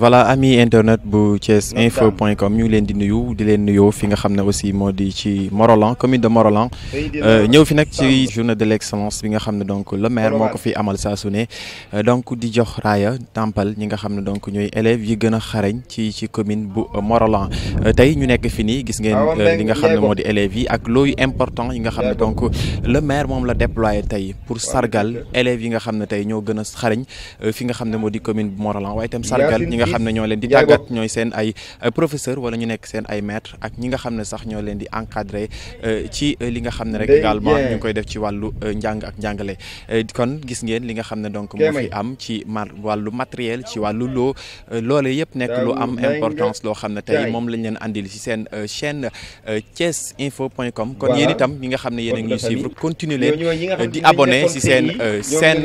voilà ami internet bu Thiès info point com ñu ngi leen di nuyu di leen nuyoo fi nga xam ne aussi moo di ci Morolan commune de Morolan euh, ñëw fi nag ci journée de l'excellence bi nga xam ne donc le maire moo amal saa su ne euh, donc di jox raaya tàmpal ñi nga xam ne donc ñooy élèves yi gën a xarañ ci ci commune bu euh, Morolan tey ñu nekk fi nii gis ngeen ah, li nga xam ne moo di élèves yi ak looyu important yi nga xam ne donc le maire moom la déployé tey pour sargal élèves yi nga xam ne tey ñoo gën a xarañ fi nga xam ne moo di commune bu Morolan waaye itam sargal xam ne ñoo leen di tàggat ñooy seen ay professeur wala ñu nekk seen ay maître ak ñi nga xam ne sax ñoo leen di encadrer euh, ci euh, li nga xam ne rek également ñu koy def ci wàllu euh, njàng ak njàngale kon gis ngeen li nga xam ne donc moo fi am ci ma wàllu matériel ci wàllu loo loole yëpp nekk lu am importance loo xam ne tey moom lañ leen andil ci seen chaîne Thiès info point com kon yéen itam ñi nga xam ne yéen a ngi suivre continuer leen di abonné ci seen chaîne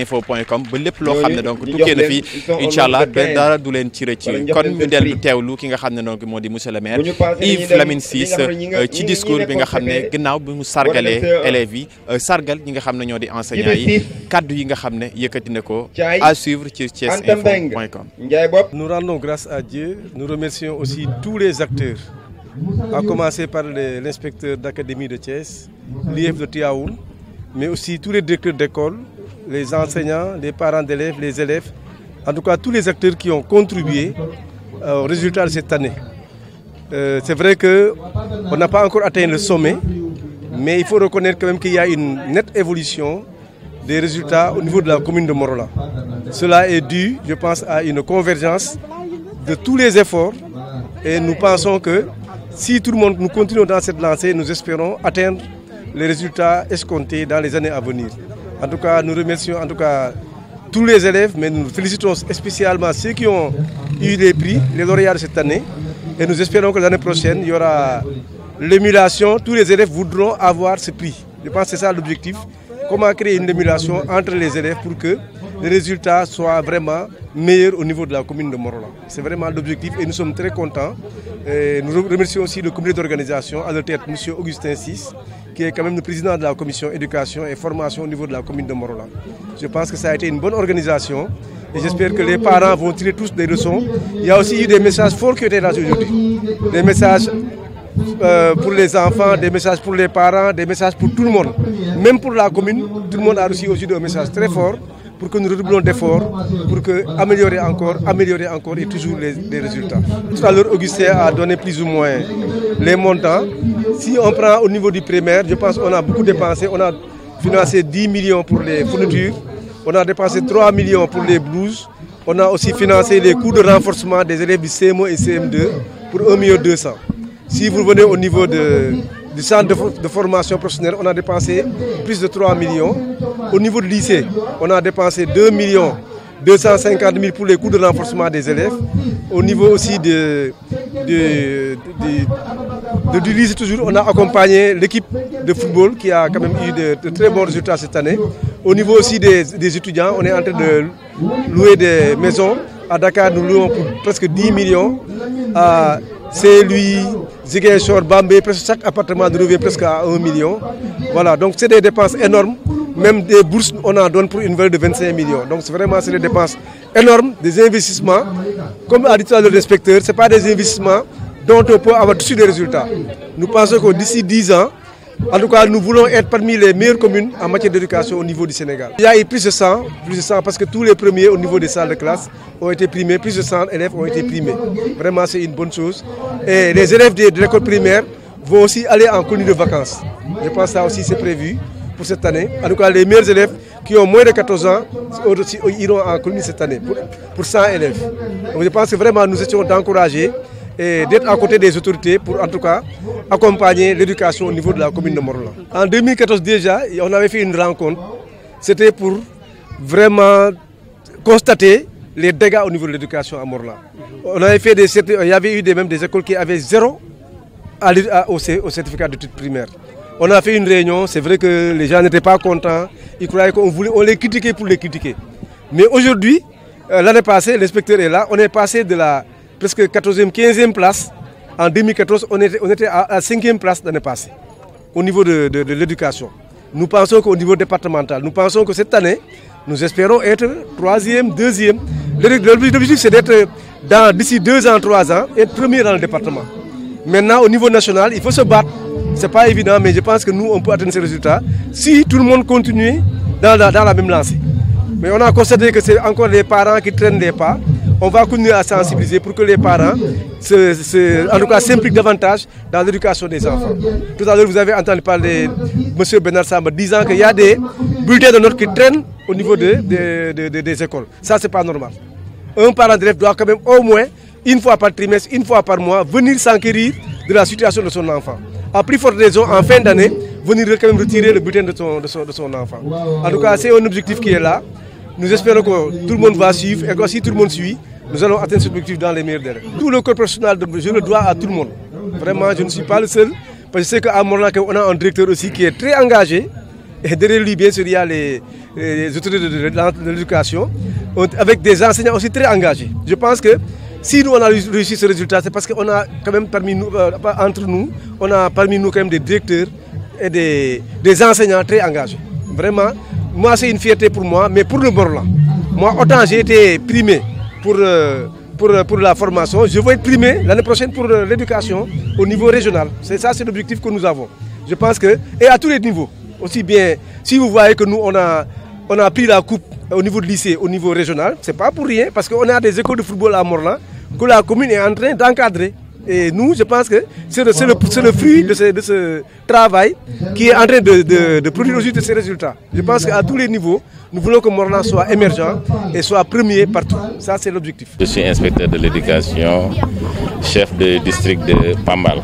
info point com ba lépp loo xam ne donc tukkee na fi dara du leen ci rëcc kon ñu dellu teewlu ki nga xam ne noonu moo di monsieur le maire Yves Lamine Ciss euh, ci discours bi nga xam ne gannaaw bi mu sargalee euh, élèves yi euh, sargal ñi nga xam ne ñoo di enseignants yi kaddu yi nga xam ne yëkkati na ko à suivre ci thiesinfo.com Nous rendons grâce à Dieu nous remercions aussi tous les acteurs à commencer par l'inspecteur d'académie de Thiès l'IEF de Tiaoul mais aussi tous les directeurs d'école les enseignants les parents d'élèves les élèves en tout cas tous les acteurs qui ont contribué euh, au résultat de cette année. Euh, c'est vrai qu'on n'a pas encore atteint le sommet, mais il faut reconnaître quand même qu'il y a une nette évolution des résultats au niveau de la commune de Morola. Cela est dû, je pense, à une convergence de tous les efforts et nous pensons que si tout le monde, nous continuons dans cette lancée, nous espérons atteindre les résultats escomptés dans les années à venir. En tout cas, nous en tout cas tous les élèves, mais nous félicitons spécialement ceux qui ont eu les prix, les lauréats de cette année. Et nous espérons que l'année prochaine, il y aura l'émulation. Tous les élèves voudront avoir ce prix. Je pense que c'est ça l'objectif. Comment créer une émulation entre les élèves pour que les résultats soient vraiment meilleurs au niveau de la commune de Morolan. C'est vraiment l'objectif et nous sommes très contents. Et nous remercions aussi le comité qui est quand même le président de la commission éducation et formation au niveau de la commune de Morolan. Je pense que ça a été une bonne organisation et j'espère que les parents vont tirer tous des leçons. Il y a aussi eu des messages forts qui étaient euh, enfants, des messages pour les parents, des messages pour tout le monde. Même pour la commune, tout le monde a reçu aujourd'hui un message très fort pour que nous redoublions d'efforts, pour que améliorer encore, améliorer encore et toujours les, les résultats. Tout à l'heure, Augustin a donné plus ou moins les montants. Si on prend au niveau du primaire, je pense qu'on a beaucoup dépensé. On a financé millions pour les fournitures, on a dépensé millions pour les blouses, on a aussi financé les coûts de renforcement des élèves du CMO et CM2 pour 1 200 000. Si vous venez au niveau de du centre de, de, formation professionnelle, on a dépensé plus de 3 millions. Au niveau du lycée, on a dépensé 2 millions 250 pour les coûts de renforcement des élèves. Au niveau aussi de, de, de, du lycée, toujours, on a accompagné l'équipe de football qui a quand même eu de, très bons résultats cette année. Au niveau aussi des, des étudiants, on est en de louer des maisons. À Dakar, nous louons pour presque millions. Saint-Louis, Ziguinchor, Bambé, presque chaque appartement de revient presque à 1 million. Voilà, donc Même des bourses, on en donne pour une valeur de 25 millions. Donc c'est vraiment c'est des le respecteur, ce pas des investissements dont on peut avoir dessus des En tout cas, nous voulons être parmi les meilleures communes en matière d'éducation au niveau du Sénégal. parce que tous les premiers au niveau des salles de classe ont été primés, plus de élèves ont été primés. Vraiment, c'est une bonne chose. Et les élèves de, l'école primaire vont aussi aller en colonie de vacances. Je pense que ça aussi c'est prévu pour cette année. En tout cas, les meilleurs élèves qui ont moins de ans iront en colonie cette année, pour, élèves. Donc je pense que et d'être à côté des autorités pour en tout cas accompagner l'éducation au niveau de la commune de Morolan. En 2014 déjà, on avait fait une rencontre, c'était pour vraiment constater les dégâts au niveau de l'éducation à Morolan. On avait fait des, il de titre primaire. On a fait une réunion, c'est vrai que les gens n'étaient pas contents, ils croyaient qu'on voulait, on les critiquait pour les critiquer. Mais aujourd'hui, euh, l'année passée, l'inspecteur est là, on est presque 14e, 15e place. En 2014, on était, on était à, à 5e place l'année passée, au niveau de, de, de l'éducation. Nous pensons qu'au niveau départemental, nous pensons que cette année, nous espérons être 3e, 2e. L'objectif, c'est d'être d'ici 2 ans, 3 ans, être premier dans le département. Maintenant, au niveau national, il faut se battre. Ce pas évident, mais je pense que nous, on peut atteindre ces résultats si tout le monde continue dans la, on va continuer à pour que les parents en tout cas s'impliquent davantage dans l'éducation des enfants. à l'heure, vous avez entendu parler M. Bernard Samba disant qu'il y a des bulletins de notes qui traînent au niveau de, de, de, de des écoles. Ça, c'est pas normal. Un parent d'élève doit quand même au moins, une fois par trimestre, une fois par mois, venir s'enquérir de la situation de son enfant. À plus forte raison, en fin venir quand même retirer le bulletin de son, de Nous espérons que tout le monde va suivre et que si tout le monde suit, nous allons atteindre cet objectif dans les meilleurs délais. Tout le corps professionnel, je le dois à le monde. Vraiment, je ne suis pas le seul. Parce que je sais qu'à Morlac, on a un aussi qui très engagé. avec des enseignants aussi très engagés. Je pense que si nous on a réussi ce résultat, c'est parce qu'on nous, euh, entre nous, on a parmi nous quand même directeurs et des, des enseignants très engagés. Vraiment, moi c'est une fierté pour moi, mais pour le Morlan. Moi, autant j'ai été primé pour, euh, euh, pour, la formation, je vais être primé l'année prochaine pour euh, l'éducation au niveau régional. C'est ça, c'est l'objectif que nous avons. Je pense que, et à tous les niveaux, aussi bien, si vous voyez que nous, on a, pris la coupe au niveau de lycée, au niveau régional, c'est pas pour rien, parce qu'on a des écoles de football à Morlan que la commune en train d'encadrer. Et nous, je pense que c'est le, le, le, fruit de ce, de ce, travail qui est en train de, de, de produire aujourd'hui de ces résultats. Je pense qu'à tous les niveaux, nous voulons que Morlan soit émergent et soit premier partout. Ça, c'est l'objectif. Je suis inspecteur de l'éducation, chef de district de Pambal.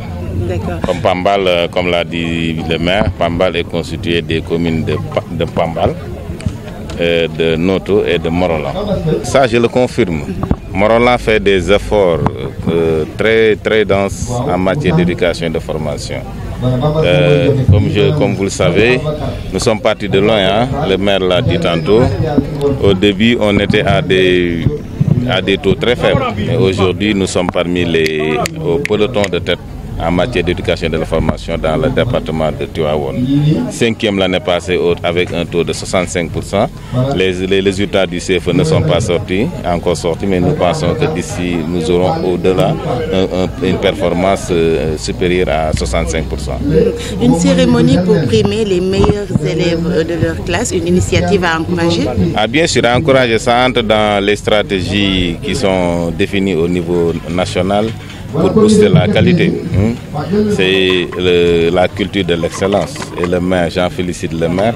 Comme Pambal, euh, comme l'a dit le maire, Pambal est constitué des communes de, de Pambal, de Noto et de Morolan. Ça, je le confirme. Morolan fait des efforts euh, très, très denses en matière d'éducation et de formation. Euh, comme, je, comme vous le savez, nous sommes partis de loin, le maire l'a dit tantôt. Au début, on était à des, à taux très faibles. Et aujourd'hui, nous sommes parmi les au de tête en matière d'éducation et de la formation dans le département de Tuaouon. Cinquième l'année passée avec un taux de 65%. Les, les résultats du CFE ne sont pas sortis, encore sortis, mais nous pensons que euh, pour primer les meilleurs élèves euh, ah, les stratégies qui sont au niveau national. pour booster la qualité. C'est la culture de l'excellence. Et le maire, j'en félicite le maire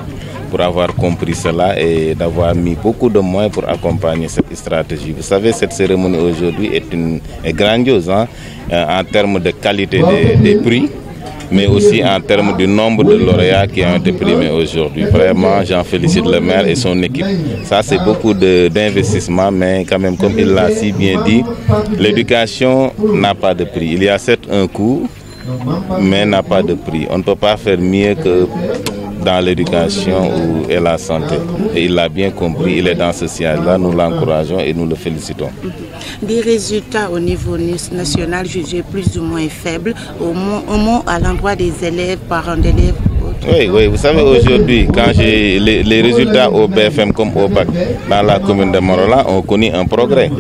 pour avoir compris cela et d'avoir mis beaucoup de moyens pour accompagner cette stratégie. Vous savez, cette cérémonie aujourd'hui est, une, est grandiose hein, en termes de qualité des prix. mais aussi en termes du nombre de lauréats qui ont été primés aujourd'hui. Vraiment, j'en félicite le maire et son équipe. Ça, c'est beaucoup d'investissement, mais quand même, comme il l'a si bien dit, l'éducation n'a pas de prix. Il y a certes un coût, mais n'a pas de prix. On ne peut pas faire mieux que dans l'éducation ou et la santé. Et il l'a bien compris, il est dans ce siège-là, nous l'encourageons et nous le félicitons. Des résultats au niveau national jugés plus ou moins faibles, au moins, au l'endroit des élèves, parents d'élèves oui, oui, vous savez, aujourd'hui, quand j'ai les, résultats au BFM comme au dans la commune de Morola ont connu un progrès.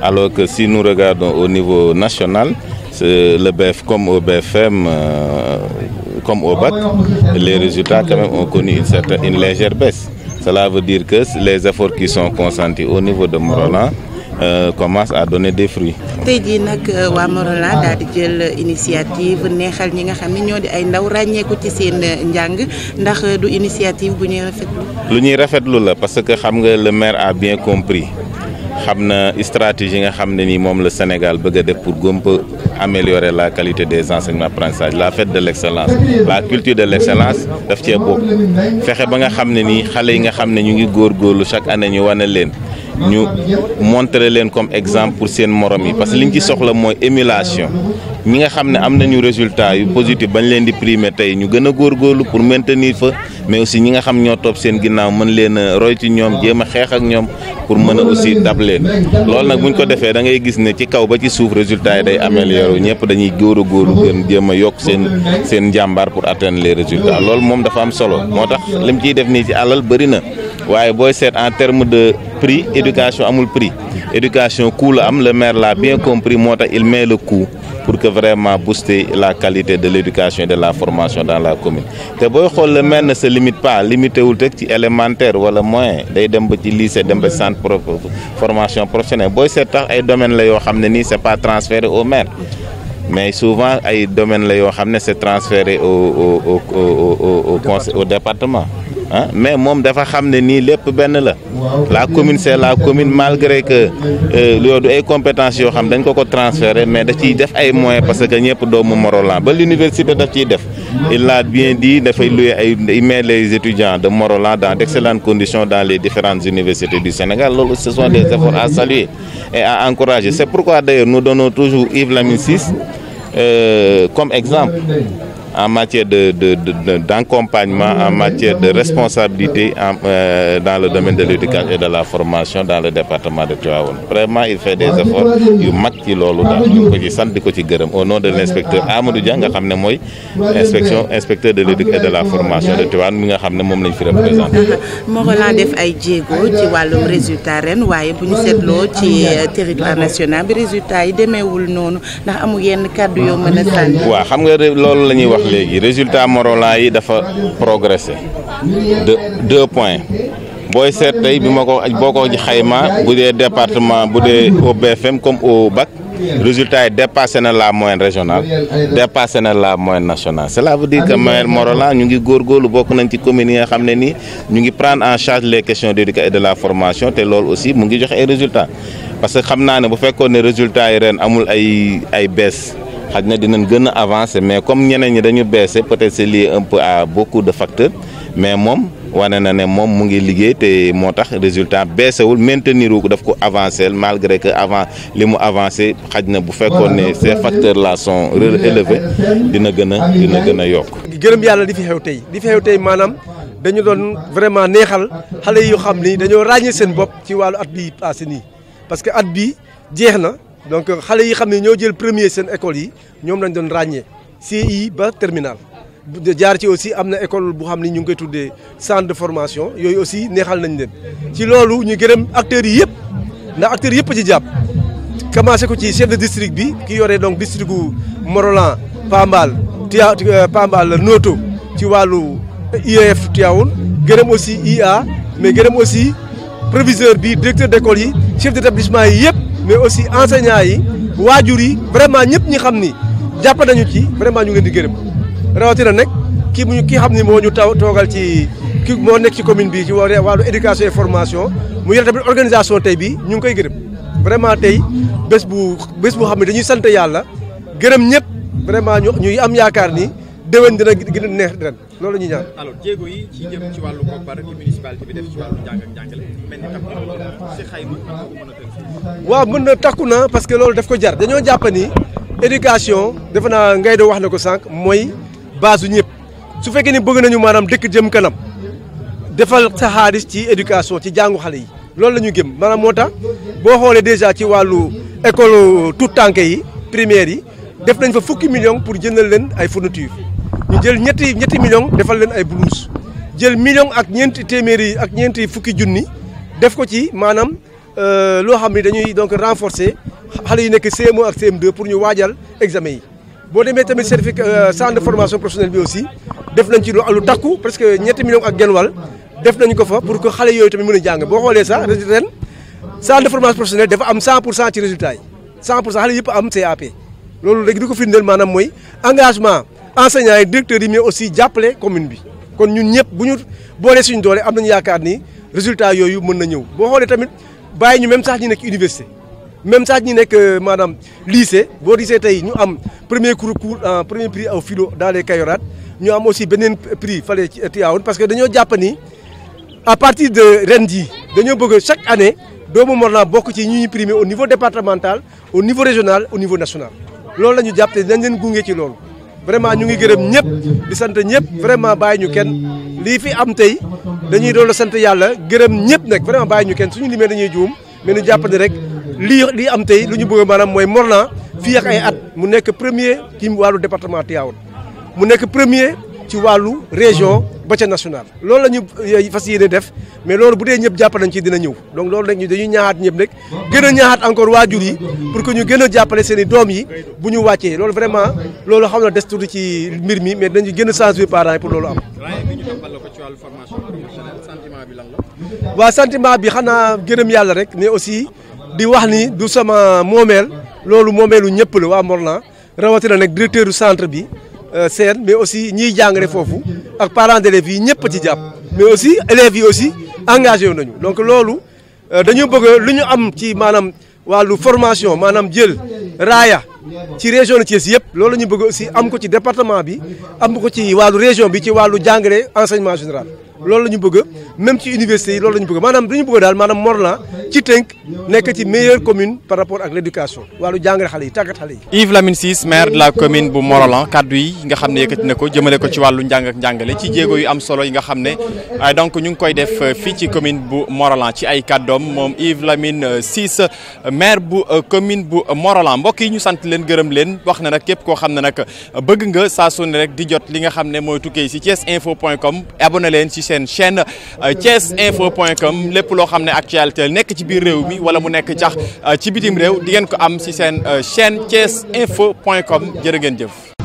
Alors que si nous regardons au niveau national, le BF comme au BFM, euh, comme o bac, les résultats quand même ont connu une, certaine, une légère baisse. Cela veut dire que les efforts qui sont consentis au niveau de Morolan euh, à donner des fruits. tey jii nag euh, waa Morolan daal di jël initiative neexal ñi nga xam ne ñoo di ay ndaw ràññeeku ci seen euh, njàng ndax euh, du initiative bu ñuy rafetlu. lu ñuy rafetlu la parce que xam nga le maire a bien compris xam na stratégie nga xam ne ni moom la Sénégal bëgg a def pour gompa améliorer la qualité des enseignements apprentissage la fête de l'excellence la culture de l'excellence def cee bokk fexe ba nga xam ne nii xale yi nga xam ne ñu ngi góorlu chaque année ñu wane leen ñu montrer leen comme exemple pour seen morom yi parce que li ñu ci soxla mooy émulation ñi nga xam ne am nañu résultat yu positif bañ leen di primer tey ñu gën a góorlu pour maintenir fa mais aussi ñi nga xam ñoo topp seen ginnaaw mën leen a roy ci ñoom jéem a xeex ak ñoom pour mën a aussi dab leen loolu nag ñu ko defee da ngay gis ne ci kaw ba ci suuf résultat yi day amélioré ñëpp dañuy góor a góorlu gën jéem a yokk seen seen njàmbaar pour atteindre les résultats loolu moom dafa am solo moo tax lim ciy def nii ci alal bëri na waaye booy seet en terme de prix éducation amul prix éducation coût am le maire l'a bien compris moo tax il met le coût pour que vraiment booster la qualité de l'éducation et de la formation dans la commune te booy xool le maire ne se limite pas limité wul rek ci élémentaire wala moyen day dem ba ci lycée dem ba centre formation professionnelle booy seet tax ay domaines la yoo xam ne nii c'est pas transféré au maire mais souvent ay domaines la yoo xam ne c'est transféré au au au département ah mais moom dafa xam ne nii lépp benn la la commune c'est la commune malgré que euh, loolu du ay compétences yoo xam dañ ko ko transféré mais da ciy def ay moyens parce que ñëpp doomu la ba l'université daf ciy def il l'a bien dit dafay louer ay il met les étudiants de Morolan dans d'excellentes conditions dans les différentes universités du Sénégal loolu ce sont des efforts à saluer et à encourager c'est pourquoi d'ailleurs nous donnons toujours Yves Lamine Ciss euh, comme exemple en matière de, de, de, d'accompagnement, en matière de responsabilité en, euh, dans le domaine de l'éducation et de la formation dans le département de Tivaouane. Vraiment, il fait des efforts yu mag ci loolu daal ñu ngi sant ko ci gërëm au nom de l'inspecteur Amadou Dia nga xam ne mooy inspection inspecteur de l'éducation et de la formation de Tivaouane mi nga xam ne moom lañ fi représenté. Morolan def ay jéego ci wàllum résultat ren waaye bu ñu seetloo ci euh, territoire national bi résultat yi demeewul noonu ndax xam nga loolu la ñuy wax. léegi résultat morola yi dafa progressé de deux points booy seet tey bi ma ko boo ko xayma bu dee département bu dee au BFM comme au BAC résultat yi dépassé na la moyenne régionale dépassé na la moyenne nationale cela veut dire que maire Morolan ñu ngi góorgóorlu bokk nañ ci communes yi nga xam ne nii ñu ngi prendre en charge les questions d'éducation et de la formation te loolu aussi mu ngi joxe ay résultat parce que xam naa ne bu fekkoon ne résultats yi ren amul ay ay baisse xaj na dinañ gën a avancer mais comme ñeneen ñi dañu baissé peut-être c'est lié un peu à beaucoup de facteurs mais moom wane na ne moom mu ngi liggéey te moo tax résultat baissé wul maintenir wu ko daf ko avancer malgré que avant li mu avancé xaj na bu fekkoon ne ces facteurs là sont élevés dina gën a dina gën a yokk. gërëm yàlla di fi xew tey di fi tey maanaam dañu doon vraiment neexal xale yu xam ni dañoo ràññee seen bopp ci wàllu at bii passé nii parce que at bi jeex na. donc euh, xale yi xam ne ñoo jël premier seen école yi ñoom lañ doon ràññee CI ba terminal jaar ci aussi am na école bu xam ne ñu ngi koy tuddee centre de formation yooyu aussi neexal nañ leen ci loolu ñu gërëm acteurs yi yëpp ndax acteurs yëpp a ci jàpp commencé ko ci chef de district bi ki yoree donc district gu Morolan Pambal Tia euh, Pambal Noto ci wàllu IEF Tivaouane gërëm aussi IA mais gërëm aussi proviseur bi directeur d'école yi chef d'établissement yi yëpp mais aussi enseignants yi waajur yi vraiment ñëpp ñi xam ni jàpp nañu ci vraiment ñu ngeen di gërëm rawatina nag ki mu ki xam ni moo ñu taw toogal ci ki moo nekk ci commune bi ci wàllu éducation et formation mu yore tamit organisation tey bi ñu ngi koy gërëm vraiment tey bés bu bés bu xam ne dañuy sant yàlla gërëm ñëpp vraiment ñu ñuy am yaakaar ni. déwén dina gën a neex ren loolu la ñuy ñaan. alors jéego yi ci wàllu koppar ci municipalité bi def ci waaw mën na takku na parce que loolu def ko jar dañoo jàpp ni éducation defe naa ngay do wax na ko sànq mooy base su ñëpp su fekkee ni bëgg nañu maanaam dëkk jëm kanam defal sa xaalis ci éducation ci jàngu xale yi loolu la ñu gëm maanaam moo tax boo xoolee déjà ci wàllu école tout tànk yi primaire yi def nañ fa fukki millions pour jëndal leen ay fourniture ñu jël ñetti ñetti millions defal leen ay blouse jël million ak ñeenti téeméeri ak ñeenti fukki junni def ko ci maanaam euh, loo xam ni dañuy donc renforcer xale yi nekk CM1 ak cm pour ñu waajal examen yi. boo demee tamit certificat euh, centre de formation professionnelle bi aussi def nañ ci lu lu takku presque ñetti millions ak genn wàll def nañ ko fa pour que xale yooyu tamit mën a jàng boo xoolee sax ren centre de formation am 100 pour cent ci résultat yi 100 pour cent xale yëpp am CAP. loolu rek di ko firndeel maanaam mooy engagement. enseignants yi directeurs yi mais aussi jàppale commune bi kon ñu ñëpp bu ñu boolee suñu doole am nañu yaakaar ni résultat yooyu mën na ñëw boo xoolee tamit bàyyi ñu même sax ñu nekk université même sax ñu nekk euh, maanaam lycée boo lycée tey ñu am premier concours en euh, premier prix au philo dans les Kayoraat ñu am aussi beneen prix fale ci euh, Tivaouane parce que dañoo jàpp ni à partir de ren jii dañoo bëgg chaque année doomu Morlan bokk ci ñu ñuy primé au niveau départemental au niveau régional au niveau national loolu ñu jàpp te dañ leen gunge vraiment ñu ngi gërëm ñëpp di sant ñëpp vraiment bàyyi ñu kenn lii fi am tey dañuy doon la sant yàlla gërëm ñëpp nag vraiment bàyyi ñu kenn suñu limee dañuy juum mais ñu jàpp rek lii lii am tey lu ñu bëgg maanaam mooy Morlan fii ak ay at mu nekk premier ci wàllu département Tivaouane mu nekk premier ci wàllu région ba ca national loolu la ñu eh, fas yéene def mais loolu bu dee ñëpp jàppale nañ ci dina ñëw donc loolu rek ñu dañuy ñaaxaat ñëpp rek gën a ñaaxaat encore waajur yi pour que ñu gën a jàppale seen i doom yi bu ñu wàccee loolu vraiment loolu xam na des tuuti ci mbir mi mais dinañu gën a changer parents yi pour loolu am waaw sentiment bi xanaa gërëm yàlla rek mais aussi di wax ni du sama moomeel loolu moomeelu ñëpp la waa Morlan rawatina nag directeur du centre bi euh, seen mais aussi ñiy jàngale foofu ak parent d'élèves yi ñëpp ci jàpp mais aussi élèves yi aussi engagé wu nañu donc loolu euh, dañu bëgg lu ñu am ci maanaam wàllu formation maanaam jël raaya ci région de Thiès yëpp loolu ñu bëgg aussi am ko ci département bi am ko ci wàllu région bi ci wàllu jàngale enseignement général loolu la ñu bëgg même ci université yi loolu la ñu bëgg maanaam dañu bëgg daal maanaam Morlan ci tënk nekk ci meilleure commune par rapport ak l' éducation wàllu jàngale xale yi tàggat xale yi. Yves Lamine Ciss maire de la commune bu Morolan kaddu yi nga xam ne yëkkati na ko jëmale ko ci wàllu njàng ak njàngale ci jéego yu am solo yi nga xam ne euh, donc ñu ngi koy def euh, fii ci commune bu Morolan ci ay kaddoom moom Yves Lamine euh, Ciss maire bu commune bu Morolan mbokk yi ñu sant leen gërëm leen wax na nag képp koo xam ne nag bëgg nga saa su rek di jot li nga xam ne mooy tukkee si thiesinfo.com abonné leen ci seen chaîne euh, Thiès info point com lépp loo xam ne actualité nekk ci biir réew mi wala mu nekk cax euh, ci bitim réew di ngeen ko am si seen euh, chaîne Thiès info point com jërë ngeen jëf.